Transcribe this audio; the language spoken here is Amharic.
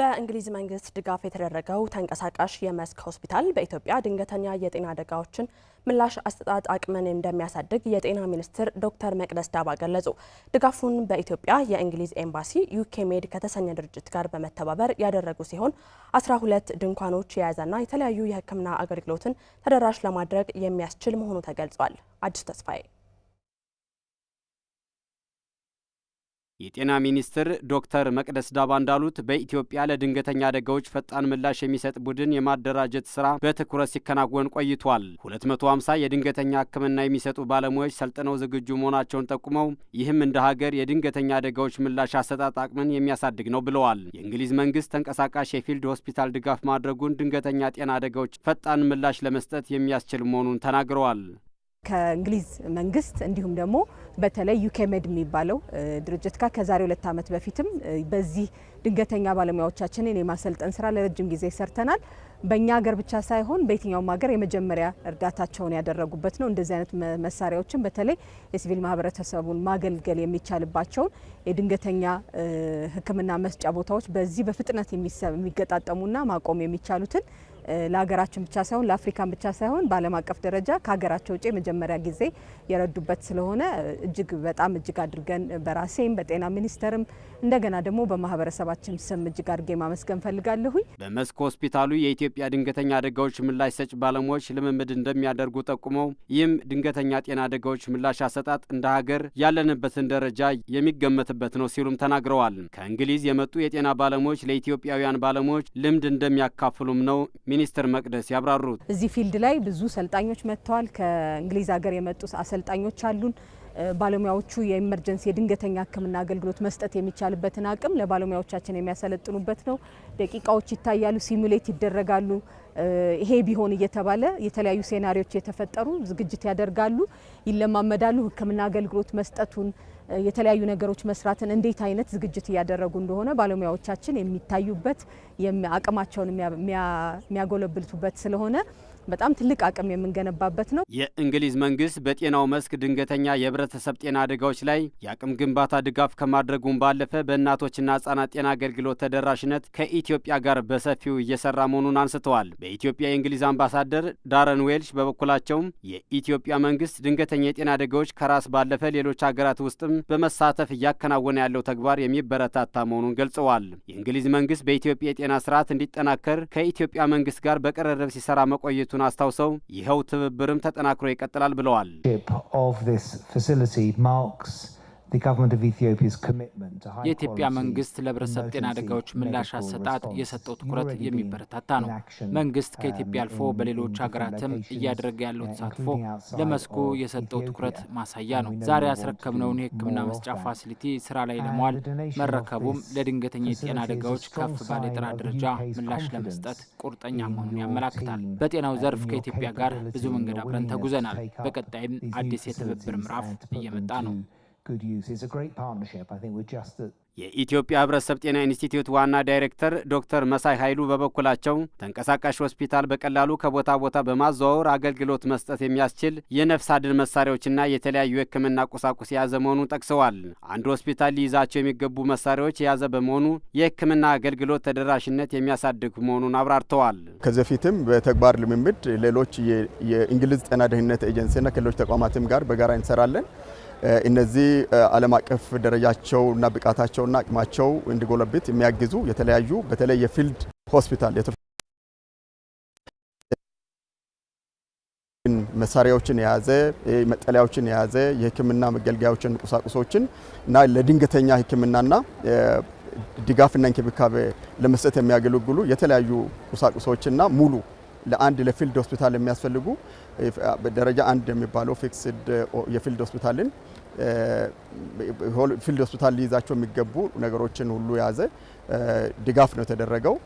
በእንግሊዝ መንግስት ድጋፍ የተደረገው ተንቀሳቃሽ የመስክ ሆስፒታል በኢትዮጵያ ድንገተኛ የጤና አደጋዎችን ምላሽ አሰጣጥ አቅምን እንደሚያሳድግ የጤና ሚኒስትር ዶክተር መቅደስ ዳባ ገለጹ። ድጋፉን በኢትዮጵያ የእንግሊዝ ኤምባሲ ዩኬ ሜድ ከተሰኘ ድርጅት ጋር በመተባበር ያደረጉ ሲሆን አስራ ሁለት ድንኳኖች የያዘና የተለያዩ የሕክምና አገልግሎትን ተደራሽ ለማድረግ የሚያስችል መሆኑ ተገልጿል። አዲሱ ተስፋዬ የጤና ሚኒስትር ዶክተር መቅደስ ዳባ እንዳሉት በኢትዮጵያ ለድንገተኛ አደጋዎች ፈጣን ምላሽ የሚሰጥ ቡድን የማደራጀት ስራ በትኩረት ሲከናወን ቆይቷል። 250 የድንገተኛ ሕክምና የሚሰጡ ባለሙያዎች ሰልጥነው ዝግጁ መሆናቸውን ጠቁመው ይህም እንደ ሀገር የድንገተኛ አደጋዎች ምላሽ አሰጣጥ አቅምን የሚያሳድግ ነው ብለዋል። የእንግሊዝ መንግስት ተንቀሳቃሽ የፊልድ ሆስፒታል ድጋፍ ማድረጉን ድንገተኛ ጤና አደጋዎች ፈጣን ምላሽ ለመስጠት የሚያስችል መሆኑን ተናግረዋል። ከእንግሊዝ መንግስት እንዲሁም ደግሞ በተለይ ዩኬሜድ የሚባለው ድርጅት ጋር ከዛሬ ሁለት ዓመት በፊትም በዚህ ድንገተኛ ባለሙያዎቻችንን የማሰልጠን ስራ ለረጅም ጊዜ ሰርተናል። በእኛ ሀገር ብቻ ሳይሆን በየትኛውም ሀገር የመጀመሪያ እርዳታቸውን ያደረጉበት ነው። እንደዚህ አይነት መሳሪያዎችን በተለይ የሲቪል ማህበረተሰቡን ማገልገል የሚቻልባቸውን የድንገተኛ ሕክምና መስጫ ቦታዎች በዚህ በፍጥነት የሚገጣጠሙና ማቆም የሚቻሉትን ለሀገራችን ብቻ ሳይሆን ለአፍሪካን ብቻ ሳይሆን በዓለም አቀፍ ደረጃ ከሀገራቸው ውጭ የመጀመሪያ ጊዜ የረዱበት ስለሆነ እጅግ በጣም እጅግ አድርገን በራሴም በጤና ሚኒስቴርም እንደገና ደግሞ በማህበረሰባችን ስም እጅግ አድርጌ ማመስገን ፈልጋለሁኝ። በመስክ ሆስፒታሉ የኢትዮጵያ ድንገተኛ አደጋዎች ምላሽ ሰጭ ባለሙያዎች ልምምድ እንደሚያደርጉ ጠቁመው ይህም ድንገተኛ ጤና አደጋዎች ምላሽ አሰጣጥ እንደ ሀገር ያለንበትን ደረጃ የሚገመትበት ነው ሲሉም ተናግረዋል። ከእንግሊዝ የመጡ የጤና ባለሙያዎች ለኢትዮጵያውያን ባለሙያዎች ልምድ እንደሚያካፍሉም ነው ሚኒስትር መቅደስ ያብራሩት። እዚህ ፊልድ ላይ ብዙ ሰልጣኞች መጥተዋል። ከእንግሊዝ ሀገር የመጡ አሰልጣኞች አሉን። ባለሙያዎቹ የኢመርጀንሲ የድንገተኛ ሕክምና አገልግሎት መስጠት የሚቻልበትን አቅም ለባለሙያዎቻችን የሚያሰለጥኑበት ነው። ደቂቃዎች ይታያሉ፣ ሲሙሌት ይደረጋሉ። ይሄ ቢሆን እየተባለ የተለያዩ ሴናሪዎች የተፈጠሩ ዝግጅት ያደርጋሉ፣ ይለማመዳሉ። ሕክምና አገልግሎት መስጠቱን የተለያዩ ነገሮች መስራትን እንዴት አይነት ዝግጅት እያደረጉ እንደሆነ ባለሙያዎቻችን የሚታዩበት አቅማቸውን የሚያጎለብቱበት ስለሆነ በጣም ትልቅ አቅም የምንገነባበት ነው። የእንግሊዝ መንግስት በጤናው መስክ ድንገተኛ የህብረተሰብ ጤና አደጋዎች ላይ የአቅም ግንባታ ድጋፍ ከማድረጉም ባለፈ በእናቶችና ህጻናት ጤና አገልግሎት ተደራሽነት ከኢትዮጵያ ጋር በሰፊው እየሰራ መሆኑን አንስተዋል። በኢትዮጵያ የእንግሊዝ አምባሳደር ዳረን ዌልሽ በበኩላቸውም የኢትዮጵያ መንግስት ድንገተኛ የጤና አደጋዎች ከራስ ባለፈ ሌሎች ሀገራት ውስጥም በመሳተፍ እያከናወነ ያለው ተግባር የሚበረታታ መሆኑን ገልጸዋል። የእንግሊዝ መንግስት በኢትዮጵያ የጤና ስርዓት እንዲጠናከር ከኢትዮጵያ መንግስት ጋር በቅርርብ ሲሰራ መቆየቱ መወያየቱን አስታውሰው ይኸው ትብብርም ተጠናክሮ ይቀጥላል ብለዋል። የኢትዮጵያ መንግስት ለህብረተሰብ ጤና አደጋዎች ምላሽ አሰጣጥ የሰጠው ትኩረት የሚበረታታ ነው። መንግስት ከኢትዮጵያ um, አልፎ በሌሎች ሀገራትም እያደረገ ያለው uh, ተሳትፎ ለመስኩ የሰጠው ትኩረት ማሳያ ነው። ዛሬ ያስረከብነውን የህክምና መስጫ ፋሲሊቲ ስራ ላይ ለመዋል መረከቡም ለድንገተኛ የጤና አደጋዎች ከፍ ባለ የጥራት ደረጃ ምላሽ ለመስጠት ቁርጠኛ መሆኑን ያመላክታል። በጤናው ዘርፍ ከኢትዮጵያ ጋር ብዙ መንገድ አብረን ተጉዘናል። በቀጣይም አዲስ የትብብር ምዕራፍ እየመጣ ነው። የኢትዮጵያ ሕብረተሰብ ጤና ኢንስቲትዩት ዋና ዳይሬክተር ዶክተር መሳይ ኃይሉ በበኩላቸው ተንቀሳቃሽ ሆስፒታል በቀላሉ ከቦታ ቦታ በማዘዋወር አገልግሎት መስጠት የሚያስችል የነፍስ አድን መሳሪያዎችና የተለያዩ የሕክምና ቁሳቁስ የያዘ መሆኑን ጠቅሰዋል። አንድ ሆስፒታል ሊይዛቸው የሚገቡ መሳሪያዎች የያዘ በመሆኑ የሕክምና አገልግሎት ተደራሽነት የሚያሳድግ መሆኑን አብራርተዋል። ከዚህ በፊትም በተግባር ልምምድ ሌሎች የእንግሊዝ ጤና ደህንነት ኤጀንሲና ከሌሎች ተቋማትም ጋር በጋራ እንሰራለን። እነዚህ ዓለም አቀፍ ደረጃቸው እና ብቃታቸውና አቅማቸው እንዲጎለብት የሚያግዙ የተለያዩ በተለይ የፊልድ ሆስፒታል መሳሪያዎችን የያዘ መጠለያዎችን የያዘ የሕክምና መገልገያዎችን ቁሳቁሶችን እና ለድንገተኛ ሕክምናና ድጋፍና እንክብካቤ ለመስጠት የሚያገለግሉ የተለያዩ ቁሳቁሶችና ሙሉ ለአንድ ለፊልድ ሆስፒታል የሚያስፈልጉ ደረጃ አንድ የሚባለው ፊክስድ የፊልድ ሆስፒታልን ፊልድ ሆስፒታል ሊይዛቸው የሚገቡ ነገሮችን ሁሉ የያዘ ድጋፍ ነው የተደረገው።